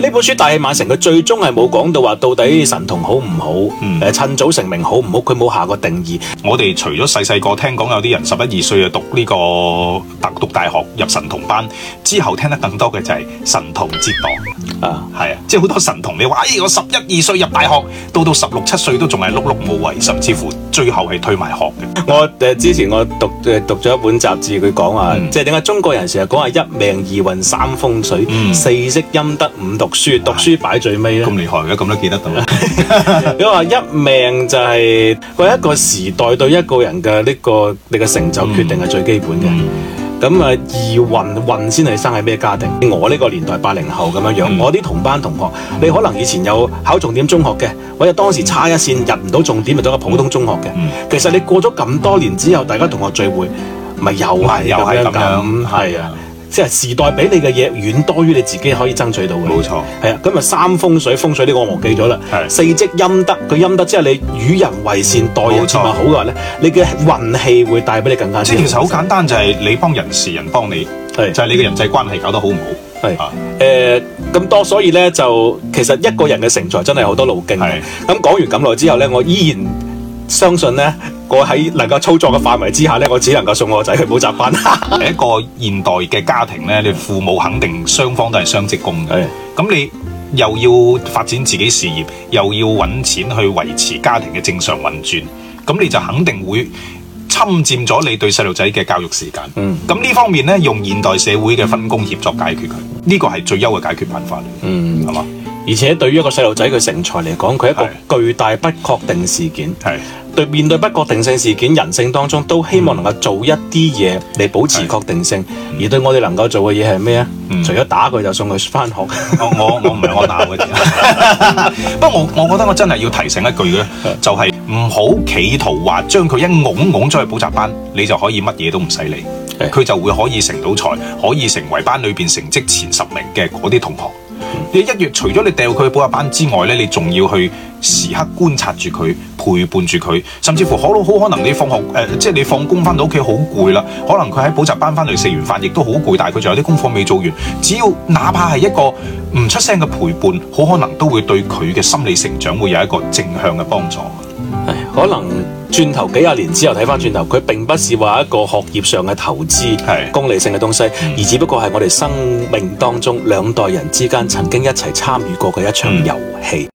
呢本書《大器晚成》佢最終係冇講到話到底神童好唔好？嗯、趁早成名好唔好？佢冇下個定義。我哋除咗細細個聽講有啲人十一二歲就讀呢、這個特讀大學入神童班，之後聽得更多嘅就係神童折墮啊，係啊！即係好多神童你話，誒、哎、我十一二歲入大學，到到十六七歲都仲係碌碌無為，甚至乎最後係退埋學嘅。我誒、呃、之前我讀誒讀咗一本雜誌，佢講話，即係點解中國人成日講話一命二運三風水，四積陰德五讀」。讀書讀書擺最尾，咁厲害嘅，咁都記得到。你話一命就係佢一個時代對一個人嘅呢個你嘅成就決定係最基本嘅。咁啊，二運，運先係生喺咩家庭？我呢個年代八零後咁樣樣，我啲同班同學，你可能以前有考重點中學嘅，或者當時差一線入唔到重點，咪咗個普通中學嘅。其實你過咗咁多年之後，大家同學聚會咪又係又係咁係啊。即係時代俾你嘅嘢遠多於你自己可以爭取到嘅，冇錯係啊。咁啊，三風水，風水呢個我忘記咗啦，係是四積陰德。佢陰德即係你與人為善，待人好錯話好嘅話咧，你嘅運氣會帶俾你更加深深。即其實好簡單就，就係你幫人，事人幫你，係是就係你嘅人際關係搞得好唔好，係誒咁多。所以咧，就其實一個人嘅成才真係好多路徑嘅。咁講是是完咁耐之後咧，我依然。相信呢，我喺能夠操作嘅範圍之下呢，我只能夠送我個仔去補習班。喺一個現代嘅家庭呢，你父母肯定雙方都係雙職工嘅。咁的你又要發展自己事業，又要揾錢去維持家庭嘅正常運轉，咁你就肯定會侵佔咗你對細路仔嘅教育時間。嗯，咁呢方面呢，用現代社會嘅分工協作解決佢，呢個係最優嘅解決辦法嚟。嗯，係嘛。而且對於一個細路仔嘅成才嚟講，佢一個巨大不確定事件。係對面對不確定性事件，人性當中都希望能夠做一啲嘢嚟保持確定性。而對我哋能夠做嘅嘢係咩啊？除咗打佢就送佢翻學。我我唔係我鬧佢。不過我我覺得我真係要提醒一句嘅，就係唔好企圖話將佢一㧬㧬出去補習班，你就可以乜嘢都唔使理，佢就會可以成到才，可以成為班裏邊成績前十名嘅嗰啲同學。一月除咗你掉佢去補習班之外咧，你仲要去時刻觀察住佢，陪伴住佢，甚至乎可能好可能你放學誒，即係你放工翻到屋企好攰啦，可能佢喺補習班翻嚟食完飯亦都好攰，但係佢仲有啲功課未做完，只要哪怕係一個唔出聲嘅陪伴，好可能都會對佢嘅心理成長會有一個正向嘅幫助。可能。轉頭幾十年之後，睇返轉頭，佢並不是話一個學業上嘅投資、功利性嘅東西，而只不過係我哋生命當中兩代人之間曾經一齊參與過嘅一場遊戲。